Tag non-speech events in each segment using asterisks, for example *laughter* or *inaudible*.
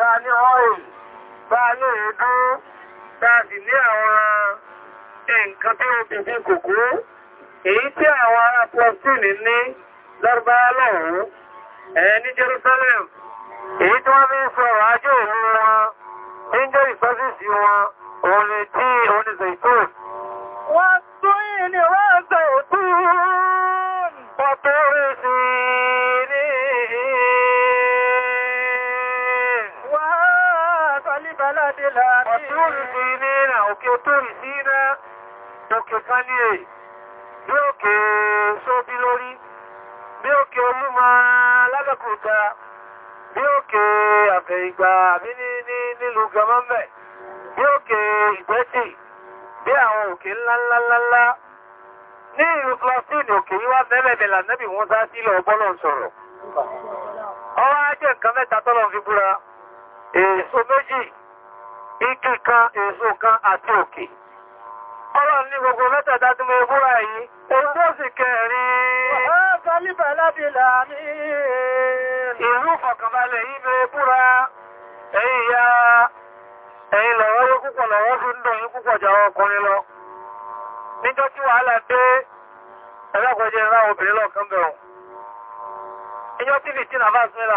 ta ní ọ́ì bá ní èédú ta sì ní àwọn nǹkan tí ó tẹ̀sí kòkó èyí tí àwọn ará plọ̀stíìnì ní lọ́rọ̀báyá lọ́rùn ẹ̀ ní Jerusalem èyí tí wọ́n fi ń sọ ọ̀rọ̀ ajé ìlú wọn ń jẹ́ ìsọ́sìsì wọn òun ni tí òun ni zèitò wọ́n tún ìní wọ́n zèitò pọ̀tọ́rẹ́sì mùsùlùmí òkè tóri sí iná òkè kaníè bí òkè sóbí lórí bí òkè olúmọ alágbàkúta bí òkè àfẹ̀yìgbà àbí nílùú gamọ́mẹ́ bí òkè ìgbẹ́sì bí àwọn òkè ńláńláńlá ní ìlú Palestine òkè yíwá bẹ́ẹ̀bẹ̀lá nẹ́bì wọ́n sá sílẹ̀ ọgbọ́lọ̀ sọ̀rọ̀ ọwọ́ ajẹ́ nǹkan mẹ́ta tọ́lọ̀ fi búra èso méjì ikíkà èzùkà àti òkè ọlọ́run ní gbogbo mẹ́tẹ̀ẹ̀ta tí yìí òun sì kẹrin ọ̀fẹ́lífẹ́ láti láàmì ìlú fọ̀kànbalẹ̀ yìí ya yí lọ tí tí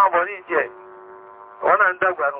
bọ̀ ní ìjẹ́ wọ́n náà ń dàgbà nù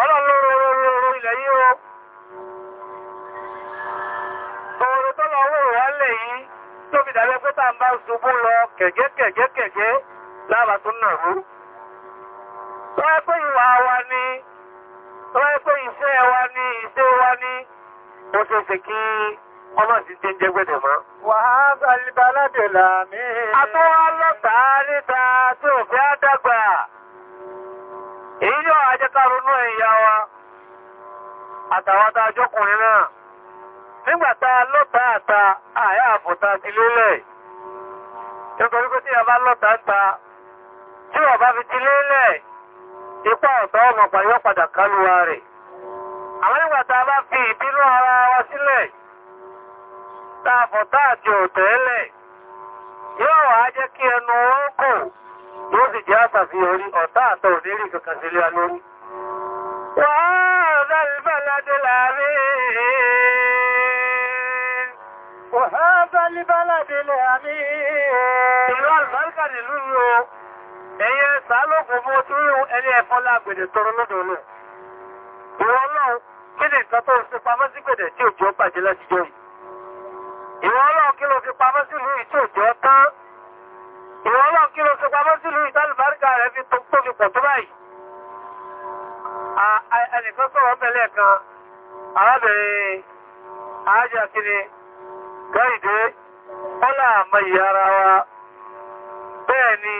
ọlọ́lọ́rọ̀lọ́rọ̀ ilẹ̀ yìí o tọrọ owó ìwálẹ̀ yìí tó fi dàbẹ́ pé tàà bá ṣubú lọ kẹ̀gẹ́kẹ̀gẹ́kẹ̀gẹ́ tó nà rú tọ́ẹ́ ìwà wa ni tọ́ẹ́ wa ni èyí yóò ajẹ́ká náà wa àtàwátà ajọ́kùnrin náà nígbàtà lọ́ta àta àyà àbòta ti lélẹ̀ nítorí pé tí a bá lọ́ta tí wọ́n bá fi ti lélẹ̀ ipá ọ̀tọ́ ọmọ pàyọ́ padà rẹ̀ àwọn bá fi ìbínú ara wa sílẹ̀ àti yóò ẹnu tó sì jẹ́ àtàfi orí ọ̀tá àtọ̀ ònírí kankan sílé alórí. وهذا البلد الأمين وهذا البلد الأمين ìlú àlùbáríkà nílùú yóò ẹyẹ sàálògùn mú tí ẹni ẹ̀fọ́ lágbèdè tọrọ lọ́dọ̀ náà ìwọ́n náà kí ni nǹkan tó fi pamọ́ sí gbèdè tí òjò bàjẹ́ láti jọ yìí ìwọ́n náà kí ló fi pamọ́ sí ìlú yìí tí òjò tán ìrọ̀lọ́ kí ló sọ pamọ́ sílù ìtàlùbáríkà rẹ̀ fi tó tóbi pọ̀ tó báyìí ẹnìkan sọ̀rọ̀ pẹ̀lẹ̀ kan arábìnrin ajá gáìdé ọlá àmàyì wa bẹ́ẹ̀ ni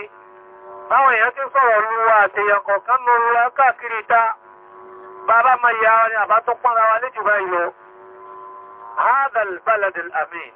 àwọn èèyàn tí sọ̀rọ̀ lúwa àtèyàn kọ̀ọ̀kan ló káàkiri ta bàbá mayà ni àbá pọ́nra wa léjù báyìí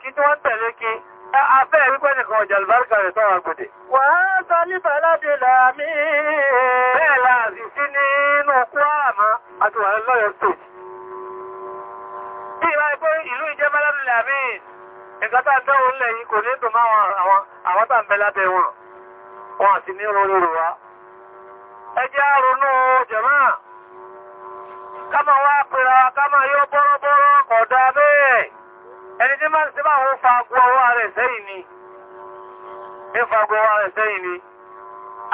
kí tí wọ́n tẹ̀lé kí afẹ́ wípẹ́ nìkan ọjà albarka rẹ̀ tọ́wà gòdè. wà á sọ ní fàládé láàmì bẹ́ẹ̀ láàzì sí nínú Kwara àti wà lọ́yọ̀ stage bí ìwá ipé ìlú ìjẹ́ fàládé láàmì nǹkan tá dánwò bẹ́ẹ̀ ẹni tí máa ń ṣe bá wọ́n fa agbó ọwọ́ rẹ̀ sẹ́yìn ni ní fa ọwọ́ rẹ̀ sẹ́yìn ni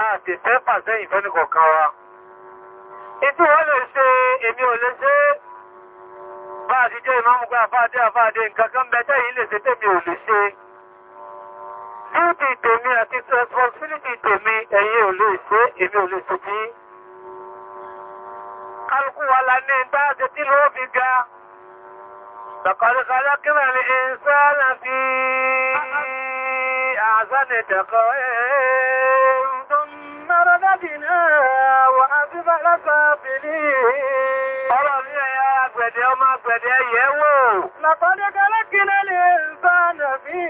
a ti tẹ́pà sẹ́yìn fẹ́ni kọ̀ọ̀kan wa ìtú wọ́n lè ṣe èmi ò lè ṣe bá àti jẹ́ ìmọ́mùgbà àfáàdé àfáàdé nǹkankan bẹ́tẹ́ yìí lè ṣe tèmi ò lè ṣe duty tèmi àti responsibility tèmi ẹ̀yin ò lè ṣe èmi ò lè ṣe tí kálukú wa la ní ìgbà àti tí ló لقد خلقنا الإنسان في أعزن تقويم ثم رددناه وأسفل سافلين Ọ̀rọ̀ ní ẹ̀yà àgbẹ̀dẹ̀ ọmọ àgbẹ̀dẹ̀ ẹ̀yẹ wò. Làtọ́dé kẹlẹ́kìlẹ̀ lè bá nà bí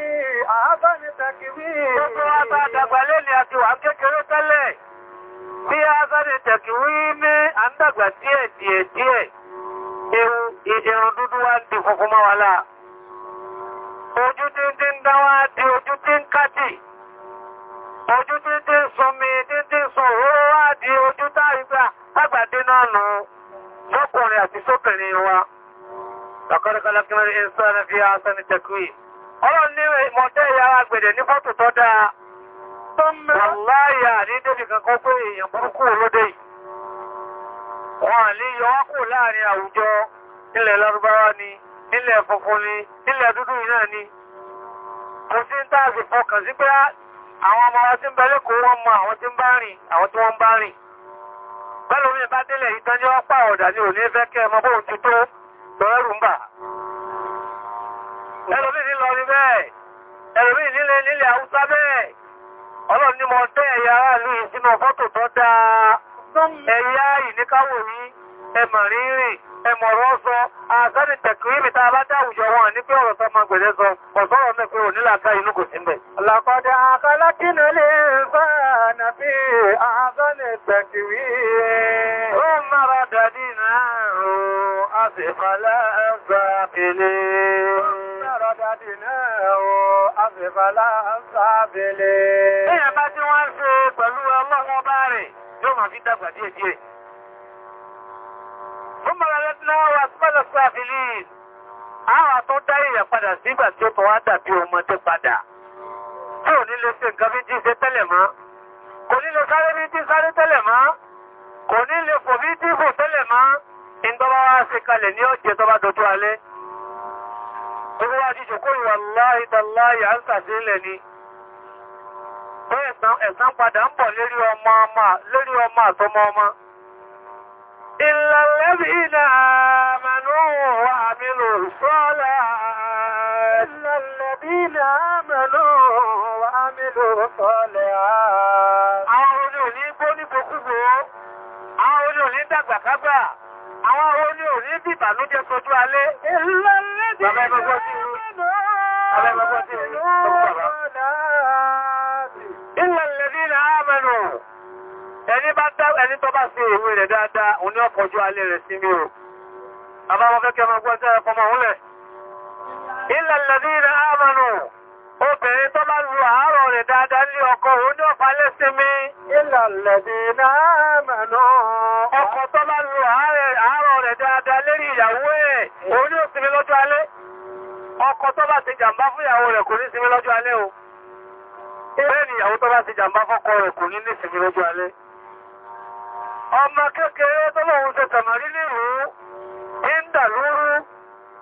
àábá ní tẹ̀kìwí. Gbogbo wa bá dàgbà lónìí àti wà kékeré tẹ́lẹ̀. Bí àábá ní tẹ̀kìwí ní à ń dàgbà díẹ̀ díẹ̀ irun dúdú wá di funfun mọ́ láà ojú tí ń tí ń di ojú tí ń kàtì ojú tí ń tí ń sọ mi tí ń tí ń sọ òwúrọ̀ wá di ojú tárígbà àgbàdé náà nù sọ́kùnrin àti sókùnrin wa lọ́kọ́lẹ́kọ́lẹ́ agbede wọ́n lè yọ kò láàrin àwùjọ ilẹ̀ Lárúbáwá ni ilẹ̀ funfun ni ilẹ̀ dúdú náà ni kò sí ń tààzì fọkàn sí pé àwọn ọmọ wa tí ń bẹ́lẹ̀ kó wọ́n mọ àwọn tí ń bá rìn àwọn tí wọ́n bá rìn bẹ́lú mi bá délẹ̀ ní fẹ́ ẹ̀yà ìníkáwò yí ẹmọ̀ rírìn ẹmọ̀rọ̀ sọ àgbẹ́ni tẹ̀kìrìmì tàà bá dáwùjọ wọn ní pé ọ̀rọ̀ sọmọ gbẹ̀rẹ̀ sọ ọ̀sọ́rọ̀ náà pé onílàkà inú kò sí mẹ́. Àlàkọ́dá akọ́lákínà lè bá nàbí àgbẹ́ni tẹ̀kìrì ó mara dàdí náà ó tó máa fi dàgbà díẹ̀ díẹ̀. Ó mọ̀rọ̀ lẹ́tìná wà pẹ́lẹ̀ sáfìlì. Àwọn tó dá ìyà padà sígbà tí ó tọ́ wá dàbí ọmọdé padà. Tí ò ní lè ṣe nǹkan bí jíṣe tẹ́lẹ̀ mọ́. Kò ní lè sáré bí tí sáré tẹ́lẹ̀ mọ́. Kò ní lè fò bí tí fò tẹ́lẹ̀ mọ́. Ìgbọ́bá wá ṣe kalẹ̀ ní ọ̀jẹ̀ tó bá dojú alẹ́. Gbogbo wa jíjòkó ìwà láìdá láì à ń sàṣílẹ̀ ni ẹ̀san ẹ̀san padà ń bọ̀ lérí ọmọ ọmọ lérí ọmọ àtọmọ ọmọ ìlàlẹ́bí na àmànú wà àmìlò sọ́lá ìlàlẹ́bí na àmànú wà àmìlò sọ́lá àwọn oní òní gbó ní gbogbo àwọn oní òní dàgbàkágbà àwọn oní òní bìbànújẹ́ sojú alẹ́ ìlàlẹ́bí na àmànú wà àmìlò sọ́lá Innal ladhina amanu ẹni bá dá ẹni tó bá sí ìwé rẹ̀ dáadáa òun ní ọ̀pọ̀jú alẹ́ rẹ̀ sí mi o. Àbáwọn kẹ́kẹ́ ọmọ ọgbọ́n tẹ́rẹ fọmọ òunlẹ̀. Innal ladhina amanu obìnrin tó bá lu àárọ̀ rẹ̀ dáadáa ní ọkọ òun ní ọ̀pá lẹ́sí mi. Innal ladhina amanu ọkọ tó bá lu alẹ́. Ọkọ tó bá rẹ̀ kò o. Eré ìyàwó tó bá ti jàmbá fọ́kọ rẹ̀ kò ní nísìnkú lójú alẹ́. Ọmọ kékeré tó lóun ṣe tàmàrí nìrú, ń dà lóru,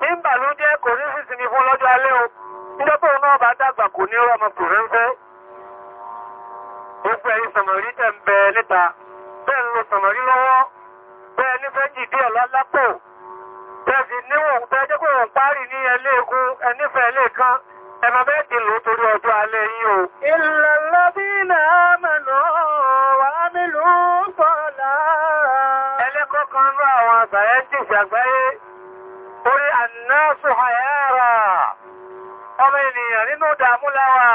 ń bà ló jẹ́ kò ní sísinmi fún lọ́jọ́ alẹ́ o. Nígbàtọ̀ náà bá dàgbà kò ní ọmọ kò rẹ̀ ń fẹ́. Ó fẹ́ yí tàmàrí tẹ̀ ń bẹ níta, bẹ́ẹ̀ ń lo tàmàrí lọ́wọ́, bẹ́ẹ̀ ní fẹ́ jìdí ọ̀lá lápò, bẹ́ẹ̀ sì níwọ̀n ẹmọ bẹ́ẹ̀ ti lò torí ọjọ́ alẹ́ yín o. ìlàlábínà mẹ́nà wà nílù sọ́lá. ẹlẹ́kọ́ kan rú àwọn àgbáyé jìsì àgbáyé orí ànáṣù àyàrà ọmọ ènìyàn nínú dàmú láwà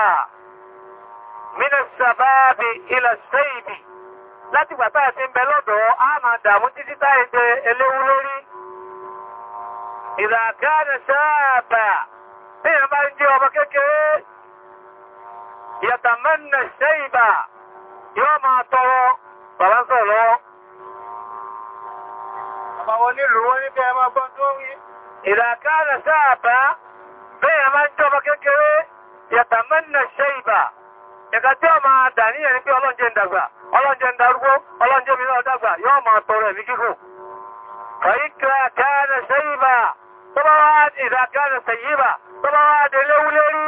mínú sàbáàbì ilẹ̀ sẹ́ìbì láti gbàtà àti ń bẹ sáàbà èèyàn bá jẹ́ ọmọ kékeré yàtàmẹ́nà ṣe ìbà yóò máa tọrọ bàbá sọ̀rọ̀ lọ́wọ́ àbàwọn nílùú wọ́n níbi ẹmọ gbọ́n tó rí ìlàkánà sáàbá bẹ́yàn máa jẹ́ ọmọ kékeré yàtàmẹ́nà ṣe ìbà ẹ̀ka tí ó máa dà ní ẹni pé ọlọ́njẹ́ ń dàgbà ọlọ́njẹ́ ń darúgbó ọlọ́njẹ́ mi náà dàgbà yóò máa tọrọ ẹ̀mí kíkù tọ́lá wá dé léwu lérí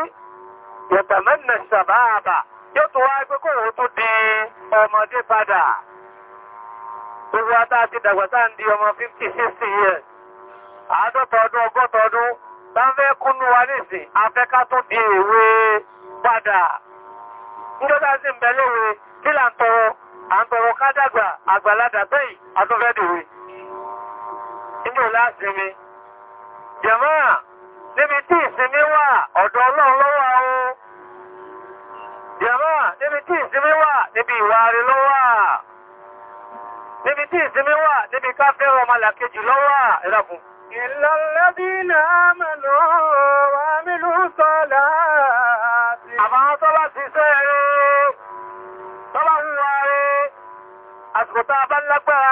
yọ̀tàmẹ́nà ṣàbáàbà yóò tó wá pé kòwò tó di ọmọdé padà gbogbo ata ti dàgbà sáà ń di ọmọ 50 60 years àádọ́ta ọdún ọgọ́ta ọdún bá ń fẹ́ kúnnú wa nísìn afẹ́ká tó di èwe padà nígbàtà sí ń bẹ̀lẹ́wé kí là ń tọrọ à ń tọrọ kádàgbà àgbàládà bẹ́ẹ̀ àtúnfẹ́dìwé nígbò níbi tí ìsinmi wà ọ̀dọ̀ ọlọ́run lọ́wọ́ ahun jẹ̀mọ́ níbi tí ìsinmi wà níbi ìwà rẹ lọ́wọ́ níbi tí ìsinmi wà níbi káfẹ́ ọmọlàkejì lọ́wọ́ ẹ̀rọ̀kùn إلا الذين آمنوا وعملوا الصالحات أما طبعا سيسيري طبعا واري أسكتا بلقبا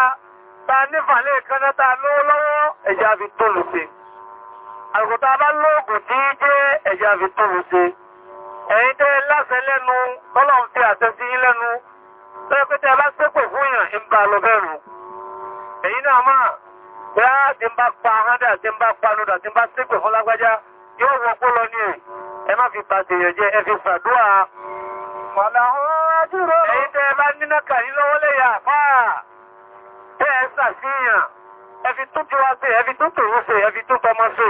تاني فعليك أنا تعلو له إجابي الطلسي àrùkọ̀tà bá lóògùn tí jẹ́ ẹ̀yà fi tóbi ṣe ẹ̀yìn tẹ́ láṣẹ lẹ́nu tọ́lọ̀n fi àṣẹ sí lẹ́nu tẹ́ẹ̀kẹ́tẹ́ bá sépò fún èèyàn ń bá lọ bẹ̀rù èyí náà máa bí á ti ń bá pa hádà tí ń bá panudà tí ń bá sépò fún lágbájá yóò wọ pó lọ ní ẹ̀ ẹ má fi pàtèèyàn jẹ ẹ fi fàdúà èyí tẹ́ bá níná kàrí lọ́wọ́ lẹ́yà fáà tẹ́ ẹ sàfihàn ẹ fi tútù wá sí ẹ fi tútù rú sí ẹ fi tútọmọ sí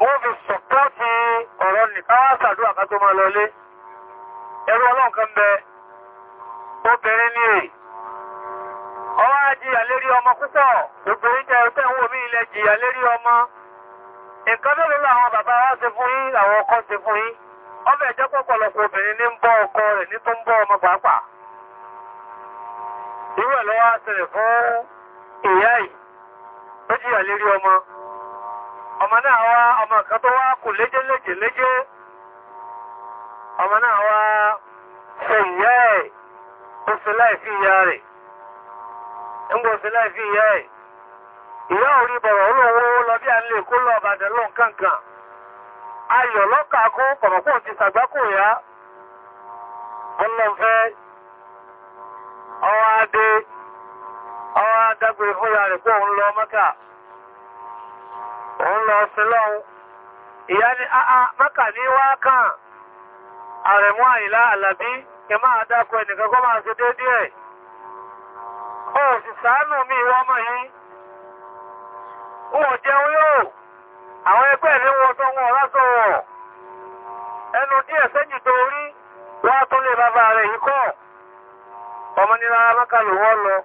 wọ́n fi sọ̀pọ́tì ọ̀rọ̀ nìkáwà sàdúrà ká tó máa lọlé ẹrù ọlọ́run kan bẹ obìnrin ní èyí ọwọ́ àjíyà lérí ọmọ púpọ̀ obìnrin jẹ́ ọ̀tẹ́ ìwò mí ilẹ̀ jìyà lérí ọmọ nǹkan mẹ́rin láwọn bàbá wá ṣe fún yín àwọn ọkọ ṣe fún yín ọbẹ̀ jẹ́ pọ̀pọ̀lọpọ̀ obìnrin ọkọ tó ọmọ ọmọ ọmọ náà wá ọmọ kan tó wá kù léjé léjé léjé ọmọ náà wá ṣe ìyá ẹ̀ ó ṣe láìsí ìyá rẹ̀ ńgbò ṣe láìsí ìyá ẹ̀ ìyá orí bọ̀rọ̀ olówó lọ bí a kankan ayọ̀ ti sàgbákò yá ọlọ́fẹ́ ọwọ́ adé ọwọ́ adágbé fúnra rẹ̀ òun lọ ìyá ni àà mọ́kà ní wá kàn àrẹ̀mú àìlá àlàbí kẹ máa dákọ ẹnìkan máa ṣe dédé ẹ̀ sì mi ìwọ ọmọ jẹun yóò àwọn ẹgbẹ́ ní wọ́n tó wọ́n ẹnu díẹ̀ tó rí lè bàbá rẹ̀ yìí kọ́ ọmọ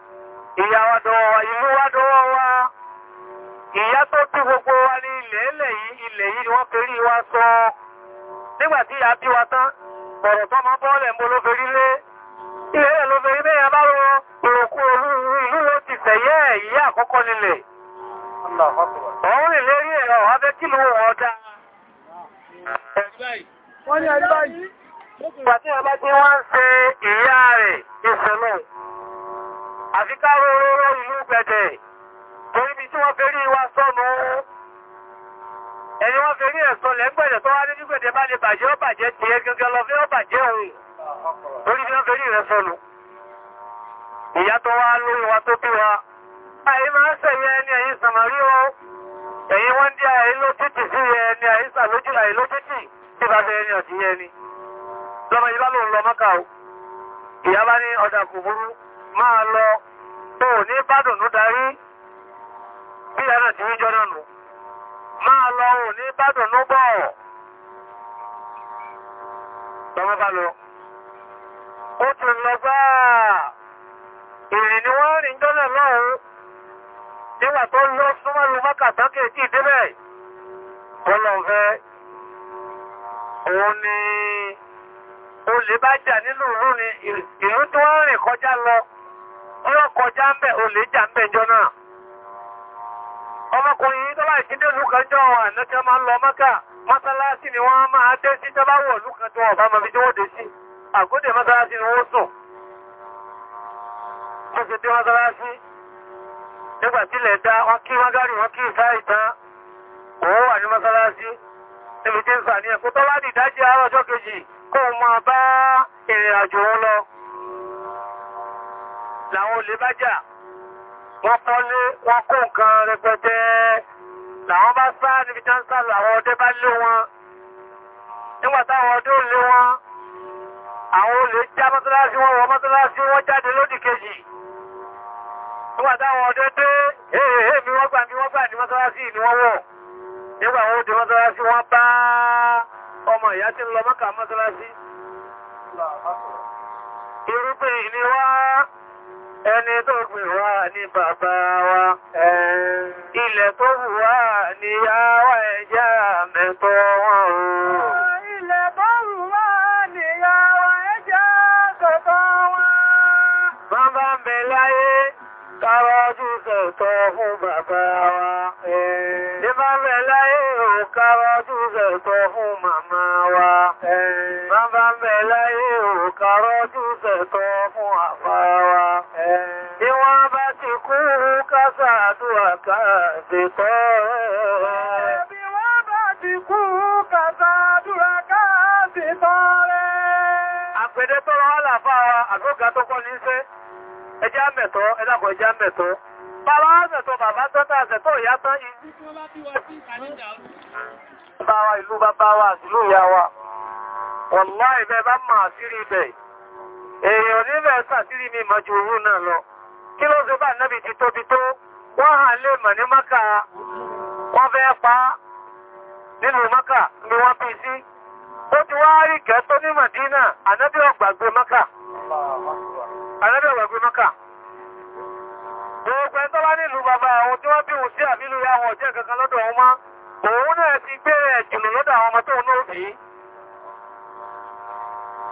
ìyá wa dọ́wọ́ wa ìlú wa dọ́wọ́ wa ìyá tó gbogbo wa ní ilẹ̀ ilẹ̀ yìí ilẹ̀ yìí ni wọ́n fèrí wa sọ nígbàtí ìyá bí wa tán ọ̀rọ̀ tán ma bọ́ọ̀lẹ̀ mọ́ ló fèrí lé ilẹ̀ ló fèrí mẹ́yà bá rọ ìlú ló ti fẹ̀yẹ́ ìyá àfi káàrò oróró ìlú gbẹ̀dẹ̀ torí bí tí wọ́n fẹ́ rí wa sọ́nù ẹni wọ́n fẹ́ rí ẹ̀sọ́ lẹ́gbẹ̀dẹ̀ tó wá nínú gbẹ̀dẹ̀ bá lè bàjẹ́ ó bàjẹ́ tí ẹ gẹ́gẹ́ lọ fẹ́ ó bàjẹ́ òun torí bí wọ́n fẹ́ rí rẹ̀ sọ́nù ìyá tó wá lórí wa tó bí wa àyí máa ń sẹ̀yẹ ẹni ẹ̀yìn sàmàrí o ẹ̀yìn wọ́n dí àyí lójútì sí ẹni àyíṣà lójú àyí lójútì tí bá fẹ́ ẹni ọ̀dí ẹni lọ́mọ ìbá lóun lọ mọ́kà o ìyá bá ní ọjà kò burú máa lọ tó ní bádùn ló darí bí ẹ̀nà tí ó jọ́nà nù máa lọ ò ní bádùn ló bọ̀ lọ́mọ́ bá lọ ó ti lọ gbáà ìrìn ni wọ́n rìn jọ́nà lọ́hùn nígbà tó lọ súnmọ́ lu mọ́kàtà kèjì débẹ̀ bọ́lọ̀fẹ́ òun ni olè bá jà nínú ìlú ni ìlú rìn kọjá lọ ọlọ́ kọjá ń bẹ̀ olè jà ń bẹ̀ jọ náà ọmọkùnrin yìí tọ́lá ìṣíndé lùkànjọ́ wà nẹ́kẹ́ máa ń lọ mọ́kà mọ́sálásí ni wọ́n máa dé sí tọ́bá wọ̀ lùkànjọ́ ọ̀bá mọ̀ fi tí sí mọ́sálásí ni wọ́n sùn mo ṣe dé mọ́sálásí nígbàtí wà ní mọ́sálásí níbi tí ń tọ́lá kejì máa bá làwọn olè bá jà wọ́n kọ́lé wọ́n kó nǹkan rẹpẹtẹ làwọn bá sá níbi tán sá làwọn ọdẹ bá lé wọn nígbà táwọn ọdẹ ò lé wọn àwọn olè já mọ́tọ́lásí wọn wọ mọ́tọ́lásí wọn jáde lódì kejì nígbà táwọn ọdẹ dé èèyàn mi wọ́n gbà mi wọ́n gbà ní mọ́tọ́lásí ni wọ́n wọ̀ nígbà wọn ó dé mọ́tọ́lásí wọn bá ọmọ ìyá tí ń lọ mọ́kà mọ́tọ́lásí irúgbìn ni wá ẹni tó gbìn wá ní bàbá wa ilẹ̀ tó wù wá ní yáwá ẹjá mẹ́tọ́ wọn o ilẹ̀ tó wù wá ní yáwá ẹjá tọ́tọ́ wọn wọ́n bá bẹ láyé káwájú tẹ̀tọ́ fún bàbá wa ní bá bẹ láyé ò káwájú tẹ̀tọ́ fún màmá wa láyé òkàrọ́ tí tẹ̀tọ́ fún àfáwa. Bí wọ́n bá ti kú kásà káàtẹ̀tọ́. káàtẹ̀tọ́ rẹ̀. Àpẹẹdẹ tó kọ́ ní ṣe, ẹjá mẹ́tọ́, ẹdàkọ̀ ẹjá mẹ́tọ́. bàbá tọ́ta ìyá tán ìlú ìlú ìyá wa. wọ̀lá ìbẹ̀ bá máa sírí ibẹ̀ èèyàn níbẹ̀ sàtírí mi mọ̀ ju owó náà lọ kí ló ṣe bá nábi ti tóbi tó wọ́n hàn lè mọ̀ ní Mákà wọ́n fẹ́ pa nínú Mákà ni wọ́n bí sí ti wá rí ní gbàgbé Mákà gbogbo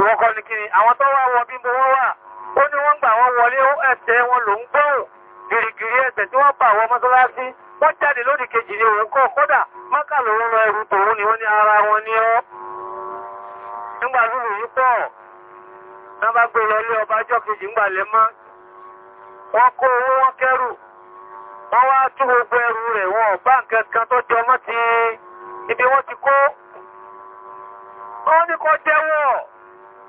ìwọ́kọ́ ní kí ni àwọn tọ́wà wà wọ bí mo wọ́n wà ó ní wọ́n gbà wọ́n wọlé ẹ̀tẹ́ wọn ló ń gìrìgìrì tí wọ́n bà wọ́n wọ́n jáde kejì ní òun kọ́ kódà lòun ẹrù tòun ni wọ́n ní ara wọn ní ọ́ nígbà lúlù yìí pọ̀ náà gbé lọ lé ọba kejì mọ́ wọ́n kó wọn wọ́n wá tú gbogbo ẹrù rẹ̀ kan ibi wọ́n ti kó wọ́n ní jẹ́wọ́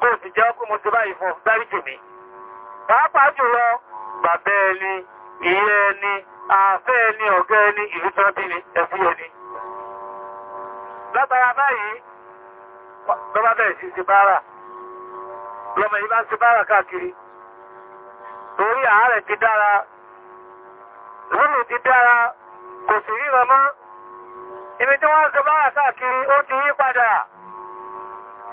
bó ti jẹ́ mo ti báyìí fún dáríjì mi pàápàá jùlọ bàbẹ́ ẹni ìyẹ́ ẹni ààfẹ́ ẹni ọ̀gẹ́ ẹni ìlú tó bí ni ẹ̀fú ẹni látara báyìí lọ́bá bẹ̀rẹ̀ sí ti bára lọ́mọ yìí bá ti bára káàkiri torí ti dára lónìí ti dára kò sì rí rọmọ́ ibi tí wọ́n bára káàkiri ó ti yí padà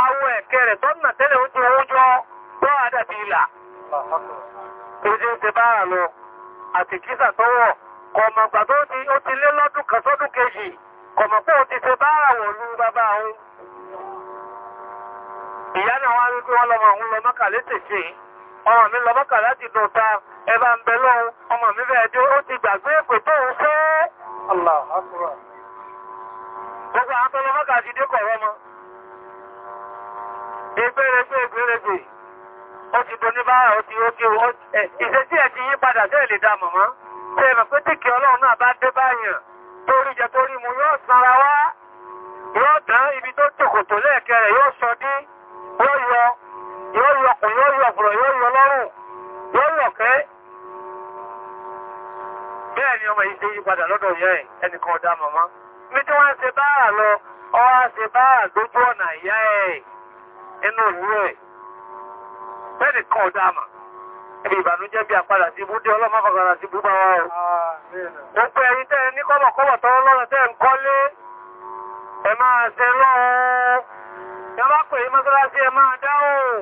awọ ẹ̀kẹ́ rẹ̀ tọ́nà tẹ́lẹ̀ ó ti rújọ́ tó àdàbí ìlà ti lọ àti kísà tọ́wọ́ kọmọ̀gbà tó ti ó ti lé lọ́dún kan kejì kọmọ̀pọ̀ ti ti wọ̀ lú bàbá ìyá wọ́n lọmọ lọ létè ṣe ọmọ mi lọ láti dùn ta ń mi ti gbàgbé tó ń fẹ́ Gbogbo àwọn Ìgbéregbé ìgbéregbé, ó ti bọ́ ní bára, ó ti ó kí ó, ìṣẹ́ tí ẹ̀ ti yí padà sí èlè dá mọ̀mọ́, tí ẹ̀mọ̀ pé tí kí ọlọ́run náà bá dé báyàn, torí jẹ torí mu yóò sanra wá, yóò dán ibi tó tòkòtò lẹ́ẹ̀kẹ́ rẹ̀ yóò sọ dí, yóò yọ, yóò yọ kùn, yóò yọ bùrọ̀, yóò yọ lọ́rùn, yóò yọ kẹ́. Bẹ́ẹ̀ ni ọmọ yìí ṣe yí padà lọ́dọ̀ yẹ́ ẹ̀ ẹnìkan ọ̀dá mọ̀mọ́. Mi tí wọ́n ṣe bára lọ, ọ nínú òwúrọ̀ ẹ̀ bẹ́ẹ̀ni kan ọ̀dá àmà ẹbí ìbànújẹ́ bí àpadà sí ibú dé ọlọ́mọ àpàdà sí ibú bá wá o mo pé ẹ̀yin tẹ́ ní kọ́bọ̀kọ́bọ̀ tọrọ lọ́rọ̀ tẹ́ ń kọ́lé ẹ máa ṣe lọ́wọ́ ẹ bá pè é mọ́sálásí ẹ máa dáhùn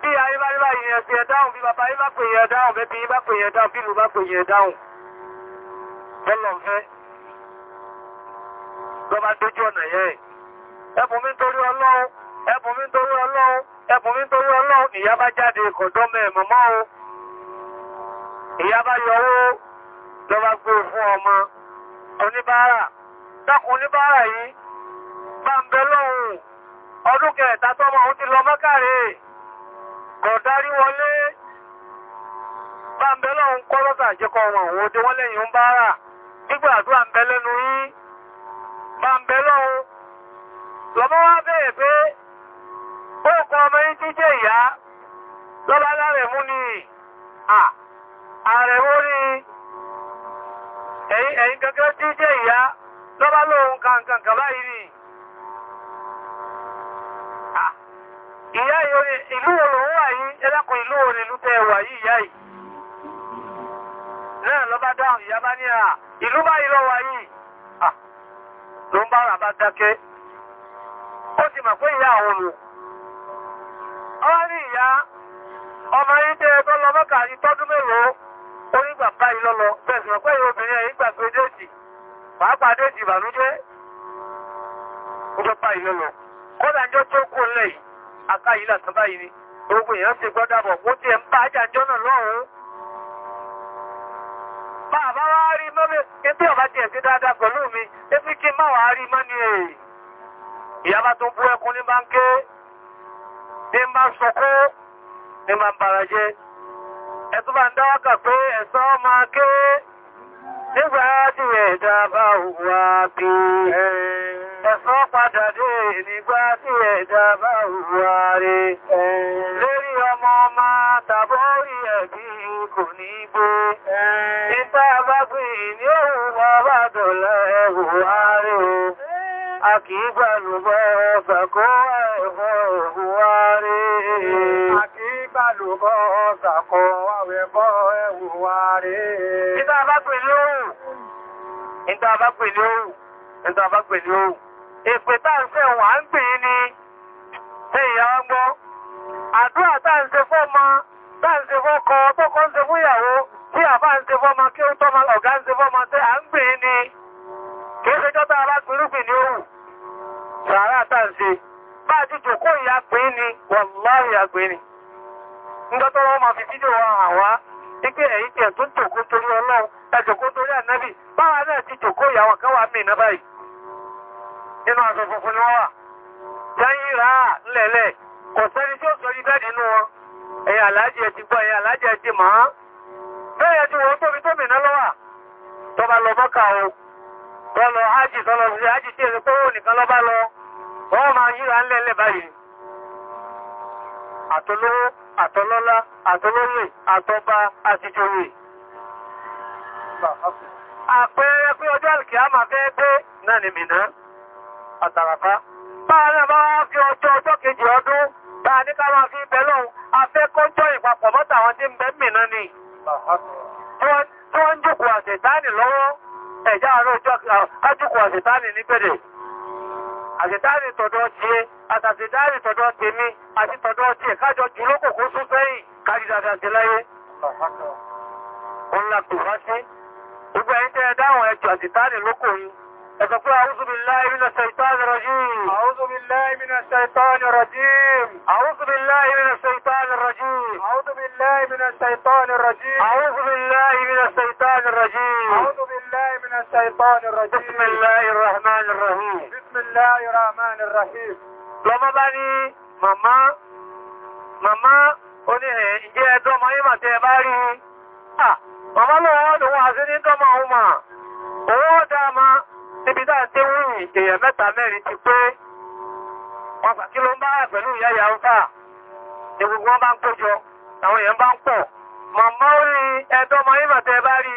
bí ayé bá rí bá yẹn ẹ̀sìn ẹ̀ dáhùn bí bàbá yín bá pè yẹn dáhùn bẹ́bí yín bá pè yẹn dáhùn bí ìlú bá pè yẹn dáhùn bọ́lọ̀ torí ọlọ́run ẹbùn mi torí ọlọ́run ìyá bá jáde o ìyá bá yọwó lọ́wọ́ gbé e fún ọmọ oníbàárà dákùn oníbàárà yìí bá ń bẹ lọ́hùn ọdún kẹta tọ́mọ lọ kọ̀dárí wọlé bá ń bẹ jẹ́kọ̀ wọn Oògùn ọmọ yín tí jẹ́ ìyá lọ́bá lárẹ̀ mú ní ààrẹ̀ mú ní ẹ̀yìn kankan tí jẹ́ ìyá lọ́bá lóhun kankan kàbá yìí ni. Ìyá ìlú olóhun wà yìí, ẹlẹ́kùn ìlú olèlú tẹ́ wà yìí ìyá yìí. Náà lọ́bá dáhùn ìyá bá ní à, ìlú báyìí lọ wà yìí. Ló ń bá rà bá dákẹ́. Ó ti mọ̀ pé ìyá àwọn olùkọ́. ọ́rí ìyá ọmọ yìí tẹ́ ẹgbọ́ lọ mọ́kà ní tọ́dún mélòó onígbà báyìí lọ́lọ bẹ̀sùn obìnrin ẹ̀yìn gbàgbé déètì pàápàá déètì ìbànújẹ́ ó fẹ́ báyìí lọ́lọ kódà ń tó kó lẹ̀ yìí aká yìí ni èèyàn ti gbọ́dọ̀ bọ̀ ti ẹ̀ ń bá náà lọ́rùn bàbá wá rí ti mi ẹbí kí má wá rí mọ́ ni ìyá bá tún bú ẹkún ní ma sọkó ní ma bàrà jẹ́ ẹ̀tún bá ń dáwọ́kà pé ẹ̀sọ́ máa kéré nígbà tí ẹ̀dá bá hùwà bí ẹ̀sọ́ padà dé nígbà tí ẹ̀dá bá hùwà rí lórí ọmọ ọmọ tàbórí ẹ̀bí kò ní gbé ìta ní òun bá dọ̀lá a kìí gbàlùbọ́ ọ̀sàkó ẹ̀họ́ ẹ̀hùwá rí. A kìí gbàlùbọ́ ọ̀sàkó ẹ̀họ́ ẹ̀hùwá rí. Ìta bá pèlú òun, ìta bá pèlú òun, ìta bá pèlú òun. Èpè táà ń fẹ́ wà ń pè ní ẹ̀yà ọgbọ́. Àdúrà táà ń ṣe fọ́mọ, táà ń ṣe fọ́kọ, ń ṣe fún ìyàwó, tí àbá ń ṣe fọ́mọ kí ó tọ́mọ ọ̀gá ń ṣe fọ́mọ tẹ́ à ń pè ní. kìí ṣe jọba ni ó wù sàárà tàǹsẹ bá ti jòkó ìyá pé ni wọ̀láhì àgbé ni ńdọ́tọ́ wọn fi fídíò wa hàn wá wípé ẹ̀yìn tó tòkó torí ọlọ́run ẹ jòkó torí ànábì báwa náà ti jòkó ìyàwó báyìí nínú ni wọ́n wà jẹ́yìn rà á wọ́n lọ hajji sí tí lọ lọ wọ́n máa yíra ńlẹ̀lẹ̀ báyìí àtọlówó àtọlọ́lá àtọlóyè àtọba àtijòyè àpẹẹrẹ pé ọjọ́ àlùkì a máa fẹ́ dé náà ni mìíràn àtàràfá báyẹ̀ bá wá fi ọjọ́ ọjọ́ kejì ọdún bá ní fi bẹ̀lọ́un afẹ́kọ́jọ́ ìpapọ̀ tí ń bẹ́ mìíràn ni tí wọ́n ń jùkú ẹ̀já àárọ̀ ọjọ́ ajúkù àṣẹ̀tánì níbẹ̀rẹ̀ àṣẹ̀tánì tọ̀dọ̀ ti é àtàṣẹ̀tánì tọ̀dọ̀ ti mí àti tọ̀dọ̀ ti ẹ̀kájọ jù lókò kó sún sẹ́yìn kárí dáadáa ti láyé ọ̀nà tó wá sí gbogbo ẹ̀yìn tẹ́ dáwọn ẹjọ́ àṣẹ̀tánì lókò yìí ẹ̀sọ̀ pé àwúzù bí láì mínà ṣẹ̀tánì rọ̀jìm àwúzù bí láì mínà ṣẹ̀tánì rọ̀jìm àwúzù bí láì mínà ṣẹ̀tánì rọ̀jìm بالله من الشيطان الرجيم بسم الله الرحمن الرحيم بسم الله الرحمن الرحيم lọ́mọ bá ní màmá màmá oníhẹ̀ ìjẹ́ ẹjọ́ ọmọ yìí màtí ẹ bá rí màmá lọ́wọ́ lòun àti ní tọ́mọ ohun mà owó dáama níbi dáa tí wọ́n yìí èèyàn mẹ́ta mẹ́rin ti pé wọ́n kí ló ń bá rẹ̀ pẹ̀lú ìyá ìyá ọ̀fà ni gbogbo wọn bá ń kójọ àwọn èèyàn bá ń pọ̀ màmá ó rí ẹjọ́ ọmọ yìí màtí ẹ bá rí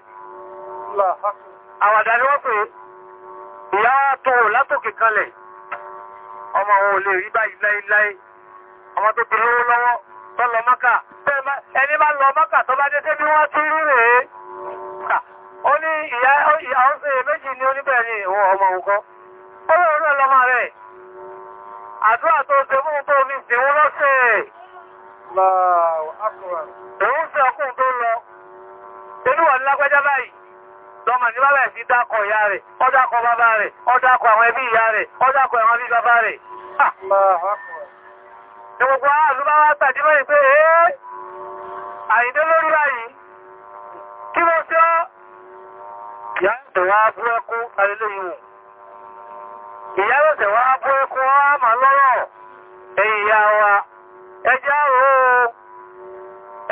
àwàdà ni wọ́n pè ìyá tó látòkè kanlẹ̀ ọmọ wọn ò lè rí báyìí láíláí ọmọ tó ti lówó lọ́wọ́ tó lọ mọ́kà ẹni bá lọ mọ́kà tó bá dé tẹ́ bí wọ́n ti rí rèé ó ní ìyá ọ̀sẹ̀ méjì ní oníbẹ̀rin ìwọ̀n ọmọ òkọ́ ó rẹ̀ orí ọlọ́mọ rẹ̀ àdúrà tó ṣe fún tó ní ìsìnwó lọ́sẹ̀ láàá àkùnrin òun fẹ́ ọkùnrin tó lọ inú wọn lágbẹ́já báyìí lọ́mọ ní bàbá ẹ̀sí dákọ̀ ìyá rẹ̀ ọdákọ̀ bàbá rẹ̀ ọdákọ̀ àwọn ẹbí ìyá rẹ̀ ọdákọ̀ àwọn ẹbí bàbá rẹ̀ ní gbogbo ààrùn bá wá tàbí mẹ́rin pé ee àyíndé lórí báyìí kí mo sí ọ́ ìyá tẹ̀wà bú ẹkú alẹ́lẹ́yìnwó ìyá tẹ̀wà bú ẹkú ọmọ lọ́rọ̀ ẹ̀yà wa ẹjá o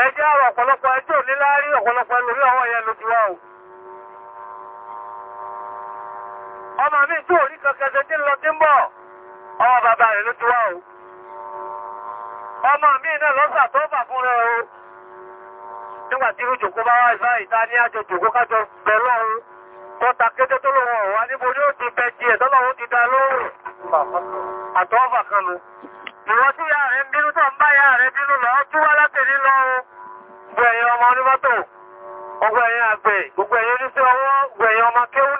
ẹjá ọ̀pọ̀lọpọ̀ ẹjọ́ níláárí ọ̀pọ̀lọpọ̀ lórí ọwọ́ ìyá lójú wa o ọmọ mi tí orí kọkẹsẹ tí lọ tí ń bọ̀ ọmọ bàbá rẹ̀ ló ọmọ mi náà lọ́sà tó bà fún rẹ̀ o nígbà tí ìjòkó bá ìta ní àjọ jòkó kájọ pẹ̀lọ́run tó ta kété tó lọ́wọ́ níbo ní ó ti bẹ ti ẹ̀ ti lóòrùn kan tí ìyá rẹ̀ ń bínú tó ń ọmọ onímọ́tò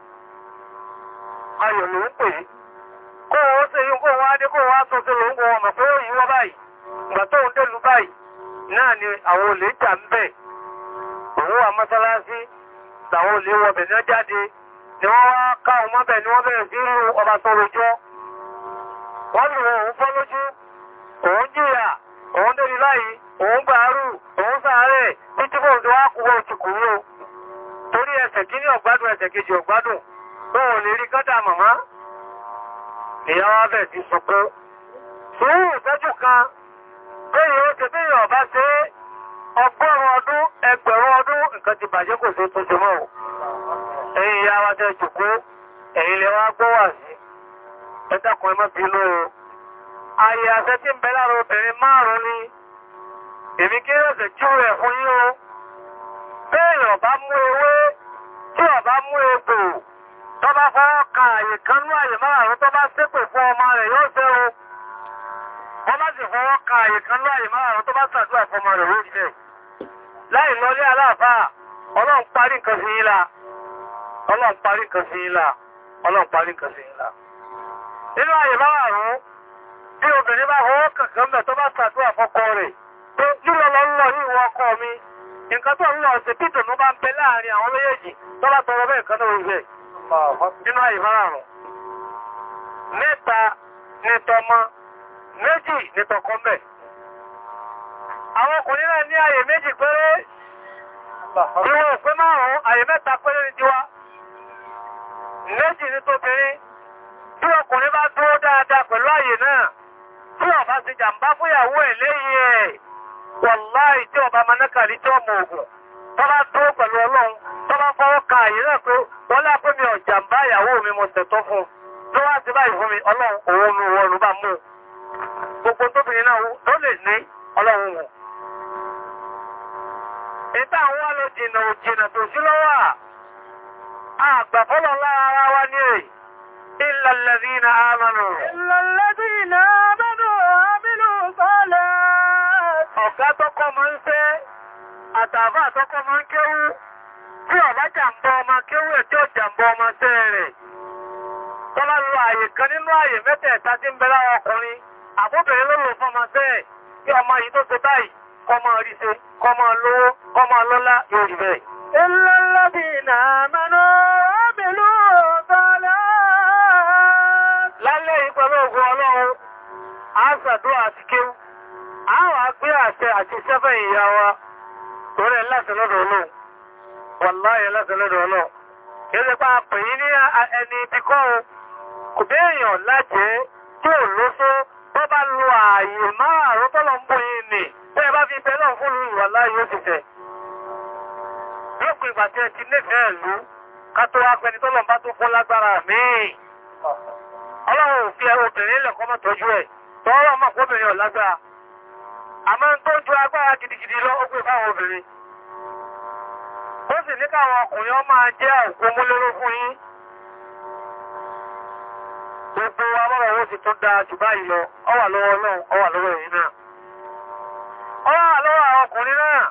ayọ̀ ló ń pè é kó o ṣe yí kó wọ́n á dé kó wọ́n á sọ sí pé ó báyìí ìgbà tó ń dẹ́lu báyìí náà ni àwọn olè jà ń bẹ̀ òun wà mọ́sálásí olè jáde ni wọ́n wá ká ọmọ bẹ̀ ni wọ́n bẹ̀rẹ̀ sí ọba lójọ́ wọ́n lù òun fọ́ lójú òun jìyà òun dẹ́lu báyìí òun gbàárù òun sàárẹ̀ títí tó wá o torí ẹsẹ̀ ọ̀gbádùn bọ́ ò lè rí kọ́dà màmá ìyá wá bẹ̀ ti sọpọ́ sùúrù ìtọ́jú kan bẹ́yìn ó ti bẹ́yìn ọdụ, ṣe ọdún ẹgbẹ̀rún ọdún nǹkan ti bàjẹ́ kò sí tuntun mọ́ wa wa ni èmi kí ọ̀sẹ̀ jú rẹ̀ fún o bẹ́yìn mú tó bá fọwọ́ ka àyè kan ní àyè márààrún tó bá ṣépè fún ọmọ rẹ̀ yóò jẹ́ o wọ́n bá sì fọwọ́ ka àyè kan ní àyè márààrún tó bá ṣàdúrà fún ọmọ rẹ̀ yóò jẹ́ láì lọlé aláàfáà ọlọ́run parí nǹkan sí yín la ọlọ́run parí nǹkan sí yín la ọlọ́run parí nǹkan sí yín la nínú àyè márààrún bí obìnrin bá fọwọ́ kankan mẹ́ tó bá ṣàdúrà fọ́kọ rẹ̀ tó jùlọ lọ ń lọ ní ìwọ ọkọ mi nǹkan tó ń lọ ṣe pítò ló nínú àìmárààrùn mẹ́ta ní tọmọ méjì ní tọkọ́mẹ̀ àwọn ọkùnrin náà ní ààyè méjì péré ìwọ̀n òpé márùn-ún ààyè mẹ́ta péré ní tiwa méjì ní tóbìnrin tí ọkùnrin bá dúró dáadáa pẹ̀lú ààyè náà tí ọba ti jàǹbá fúyàwó ẹ̀ léyìí ẹ̀ wọ̀láì tí ọba manẹ́kàrí tí ọmọ ogun tọ́lá tó pẹ̀lú ọlọ́run tọ́lá fọ́wọ́ ka àyè náà pé wọ́n lápé mi ọ̀jàmbá ìyàwó mi mo tẹ̀tọ́ fún tó wá ti báyìí fún mi ọlọ́run òun nu wọnú bá mú gbogbo tóbìnrin náà tó lè ní ọlọ́run tó sí lọ́wọ́ ń fẹ́ àtàbà àtọ́kọ́ máa ń kéwú tí ọ̀bá jàmbọ́ ọmọ kéwú ètò jàmbọ́ ọmọ sẹ́ẹ̀rẹ̀ tọ́lá lọ àyè kan nínú àyè mẹ́tẹ̀ẹ̀ta tí ń bẹ ọkùnrin àbúbẹ̀rẹ̀ kí ọmọ yìí tó torí ẹ̀ láti lọ́dọ̀ ọlọ́run wàláyé láti lọ́dọ̀ kéde pa pè yí ní ẹni ibi kò bí èèyàn láti tí ò lóṣó bá ààyè márùn tọ́lọ ń bò yìí nì bá fi náà fún lu wàláyé ó ti tẹ̀ àmọ́ tó ń ju agbára gidigidi lọ ó gbé fáwọn obìnrin ó sì ní káwọn ọkùnrin ọ máa jẹ́ òkú múlóró fún yín gbogbo amọ́rọ̀ owó tó dáa jù báyìí lọ ọ lọ́wọ́ náà lọ́wọ́ èyí náà ọkùnrin náà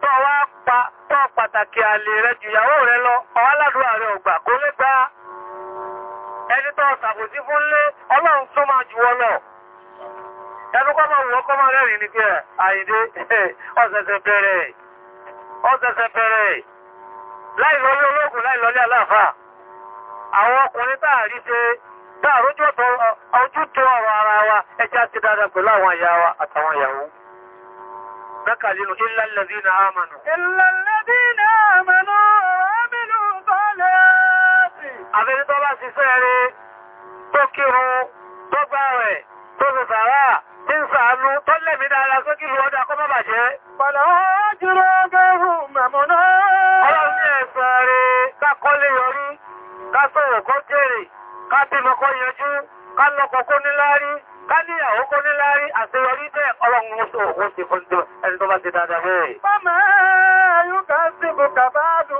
bá wa pàtàkì àlè lọ ọwá ọgbà kó ẹni tó ṣàbòsí fún lé ọlọ́run tó máa jù lọ ẹnu máa wọ́n kọ́ máa rẹ̀rìn ní pé àìdé ọ̀sẹ̀sẹ̀ *laughs* bẹ̀rẹ̀ ọ̀sẹ̀sẹ̀ bẹ̀rẹ̀ ológun láìlọ́lé aláàfà àwọn ọkùnrin táà rí ṣe dáàrójọ́ ojútó ọ̀rọ̀ ẹni tó bá tó kírun tó bá rẹ̀ tó sì sàárà ní sàánú tó lẹ́mí dára sókè lù ọdá kọ́ bàbàjẹ́. Pàdà Ọlọ́run ní ẹ̀sàn rẹ̀ kákọ́lé yọrí, ẹni tó bá ti dáadáa bẹ́ẹ̀. Bá máa ká sí bùkà bá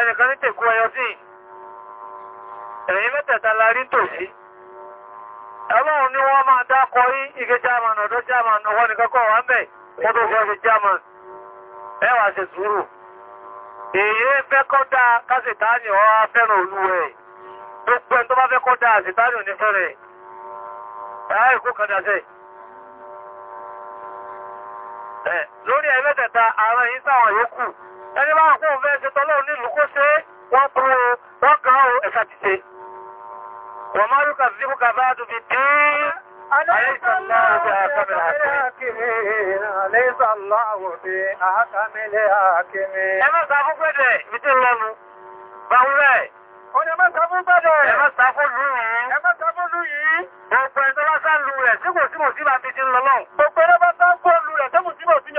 ẹnìkan ní tèkú ẹyọ sí ẹ̀yìn mẹ́tẹ̀ẹ̀ta larí tòsí ní wọ́n máa dákọ yí igé german ọ̀dọ́ german ọwọ́ nìkan kọ́kọ́ wà mẹ́ wọ́n fẹ́ german ẹwà ṣe túrò èyí fẹ́ kọ́dá kásìtáni ọ̀rọ̀ tó bá fẹ́ kọ́dá àsìtáni ò ní fẹ́rẹ̀ ẹ̀ lórí ẹ̀mẹ́tẹ̀ta àwọn èyí sáwọn ẹni bá kó fẹ́ ṣe tọ́lọ́ nílùú kó ṣe wọ́n kú wọ́n kàn ó ẹ̀ṣà ti ṣe wọ́n máa rúkà sí kúkà bá dùn fi dé Ẹmọ́ sá fún gbẹ́dẹ̀, ìtí lọ́nu, lú yìí. Ẹmọ́ sá lú yìí. Gbogbo tó bá sá lú rẹ̀, tí kò sí sí bá fi ti lọ lọ́n. Gbogbo tó bá sá fún lú rẹ̀, tí kò sí mò sí ni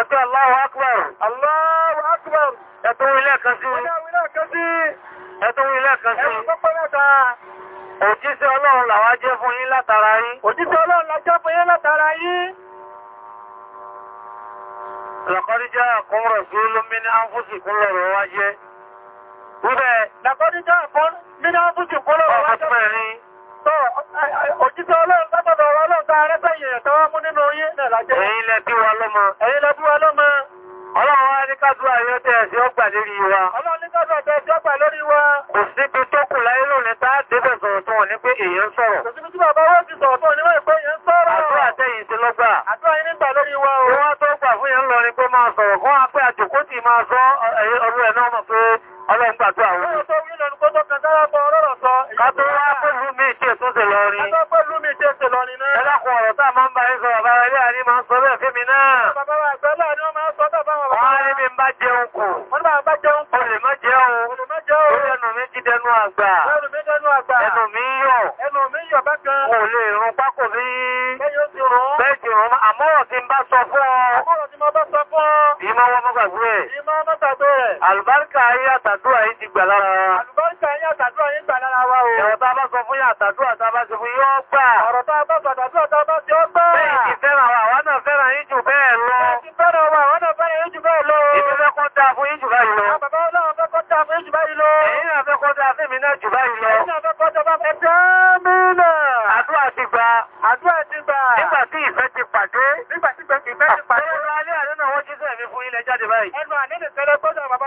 ẹ̀kọ́ Allahu Akbar Allahu Akbar ẹ̀tọ́ ilé kan sí ẹ̀tọ́ ilé kan sí òjíṣẹ́ ọlọ́run làwa jẹ́ fún yín látara yín òjíṣẹ́ ọlọ́run la jẹ́ fún yín látara yín لقد جاءكم رسول من أنفسكم lọ́rọ̀ wá jẹ́ Ibẹ̀, لقد من أنفسكم lọ́rọ̀ wá Òjíṣẹ́ ọlọ́run látọ̀dọ̀ wa lọ́ta arẹ́sẹ̀yìn ẹ̀tọ́ wá mú nínú oyé nẹ̀ lájẹ́. Èyí lẹ́bí wa lọ́mọ. wa lọ́mọ. Ọlọ́run wá ní ọgbà wa. Ọlọ́run ní a débẹ̀ sọ̀rọ̀ tó wọ̀n ní pé èèyàn sọ̀rọ̀. Kò síbi tí bàbá wọ́n ọlọ́sàtọ́ àwọn Ẹnu mi yọ̀, ẹnu mi àmọ́rọ̀ tí ń bá sọ fún ọ. Àmọ́rọ̀ tí mo Ìmọ̀ wọn mọ́gbàgbé. Ìmọ̀ Àlùbáríkà ayé àtàrí àtàdúrà yìí ti gbà lára wa. Àlùbọ́sà yìí àtàdúrà yìí gbà lára wa o. Ẹ̀rọ tá a bá sọ fún yà àtàdúrà tá a bá sọ fún yóò gbà. Ọ̀rọ̀ tá a bá sọ àtàdúrà tá a bá sọ gbà. Bẹ́ẹ̀ ti fẹ́ràn wa, àwa náà fẹ́ràn yín jù bẹ́ẹ̀ lọ. Bẹ́ẹ̀ ti fẹ́ràn wa, àwa náà fẹ́ràn yín jù bẹ́ẹ̀ lọ. Ìbí fẹ́ kọ́ dáa fún yín jù báyìí lọ. Bàbá Ọlọ́run fẹ́ kọ́ dáa fún yín jù báyìí lọ. Ẹ̀yin náà fẹ́ kọ́ dáa fún mi náà jù báyìí lọ. Ẹ̀yin náà fẹ́ kọ́ dáa fún mi náà. Àdúrà ti gbà. Àdúrà ti Nígbà tí ìfẹ́ ti pàdé. Nígbà tí ìfẹ́ ti pàdé. Ẹ̀rọ alẹ́ àdúrà wọ́n jí sẹ́ẹ̀mí fún ilẹ̀ jáde báyìí. Ẹnu ànílẹ̀ tẹ́lẹ̀ gbọ́dọ̀ bàbá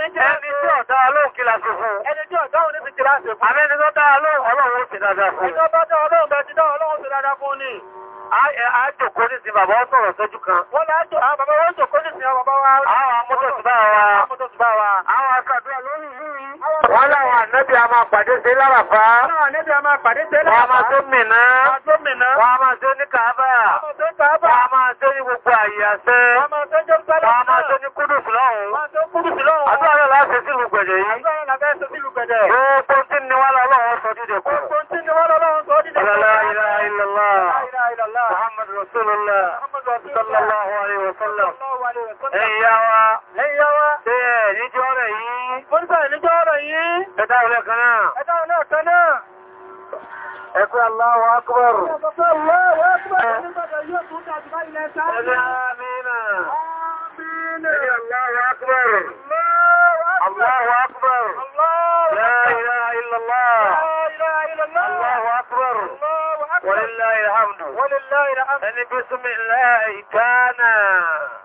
Ẹni tí ọ̀dá Ọlọ́run kí la ṣe fún. Ẹni tí ọ̀dá òun ní ti kí la ṣe fún. Àmẹ́ni tó dá Ọlọ́run Ọlọ́run ó ṣe dáadáa fún. Ìjọba dá Ọlọ́run bẹ ti dá Ọlọ́run ṣe dáadáa fún ni. Àjòkó ní ti bàbá sọ̀rọ̀ sọ́jú kan. Wọ́n lájò, àwọn bàbá wọ́n jòkó ní ti àwọn bàbá wa. Àwọn amọ́tọ̀ ti bá wa. Amọ́tọ̀ ti bá wa. Àwọn akàdúrà lórí ìlú yìí. Wọ́n láwọn ànẹ́bí a máa pàdé sí láràfá. Wọ́n ànẹ́bí a máa pàdé sí láràfá. Wọ́n a máa tó mìíná. Wọ́n a tó mìíná. Wọ́n a máa tó ní kàábà. Wọ́n a máa tó ní gbogbo àyè àṣẹ. Wọ́n a máa tó ní kúdùsù lọ́hùn. Wọ́n a tó kúdùsù lọ́hùn náà láti sílù gbẹ̀dẹ̀ yìí. Agbára làbẹ́ sọ sílù gbẹ̀dẹ̀. Gbogbo tí ni wọ́n lọ lọ́wọ́ sọ dídẹ̀ kù. Gbogbo tí ni wọ́n lọ lọ́wọ́ sọ dídẹ̀ kù. La ilaha illallah. La ilaha illallah. Muhammad Rasulullah. Muhammad Rasulullah. Sallallahu alaihi wa sallam. Ẹ̀yà wa. Ẹ̀yà wa. Ṣé ẹ̀ Ẹkú Allahu Akbar. Ẹkú Allahu Akbar. Ẹkú Allahu Akbar. الله أكبر لا إله إلا الله الله أكبر ولله الحمد ولله الحمد أن بسم الله كان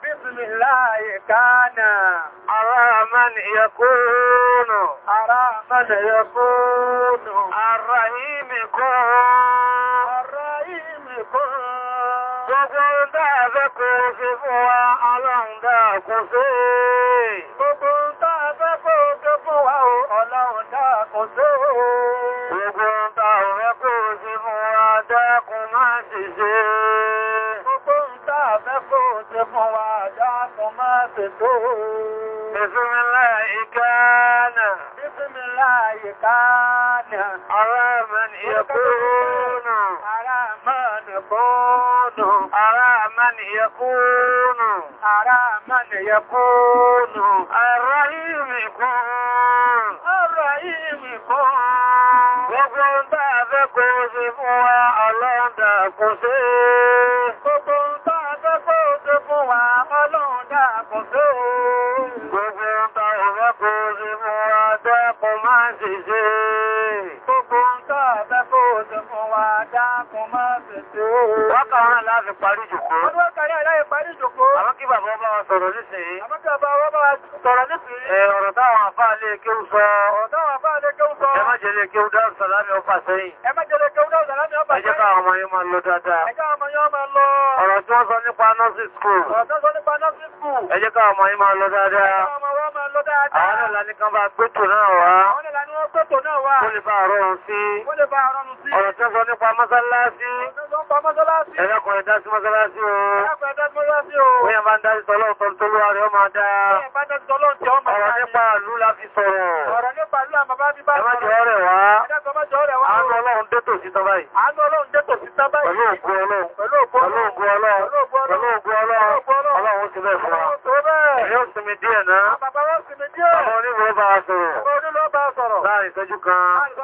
بسم الله كان أرى من يكون أرى من يكون الرحيم كون الرحيم كون gbogbo ń dáa fẹ́ kò fi fún ti ṣe. Gbogbo ń tá fún wa àjá tó máa ṣe tó. Bísímílá Ara Bísímílá ìkáànà. ara man Ara Ara Gbogbo ń tá àfẹ́ kó ṣe fún wa ọlọ́run. dákun ṣe gbogbo ń tọ́ akẹ́kọ̀ọ́ kí bàbá bá wa sọ̀rọ̀ nísìnyí àwọn ẹ má jẹ́ lè kéwù dáhùn sàlámì ọ̀fà sẹ́yìn ẹ má Ẹ jẹ́ káwọn ọmọ yóò máa lọ dáadáa. Ọ̀rọ̀ tí wọ́n sọ nípa nursery school. Ẹ jẹ́ káwọn ọmọ yóò máa lọ dáadáa. Àwọn náà lá ní kan bá gbẹ́tò náà wá tọ́tọ̀ náà wà. Ó lè bá rọrùn sí. Ó lè bá rọrùn sí. Ọ̀rọ̀ tẹ́sọ nípa mọ́sálásí. Ẹlẹ́kùn ẹ̀dá sí mọ́sálásí o. Ẹlẹ́kùn ẹ̀dá sí mọ́sálásí o. Ó yẹ máa ń dájú tọ́lọ́ tọ́ tọ́lọ́ rẹ̀ ọmọ dá. Ọ̀rọ̀ nípa ìlú la fi sọ̀rọ̀. Ọ̀rọ̀ nípa ìlú àmọ́ bá bí bá sọ̀rọ̀. Ẹ má jọ rẹ̀ wá. Àánú Ọlọ́run dé tòsí tán báyìí. Àánú Ọlọ́run dé tòsí tán báyìí. Pẹ̀lú ògo Ọlọ́run. Pẹ̀lú ògo Ọlọ́run. Pẹ̀lú ògo Ọlọ́run. Ọlọ́run ti bẹ̀ fún wa. Ẹ̀yọ́ sinmi díẹ̀ náà. Bàbá wọn sinmi díẹ̀. Bàbá oníbùrọ̀ bá a sọ̀rọ̀ sọ̀rọ̀. Láàrin ìṣẹ́jú kan.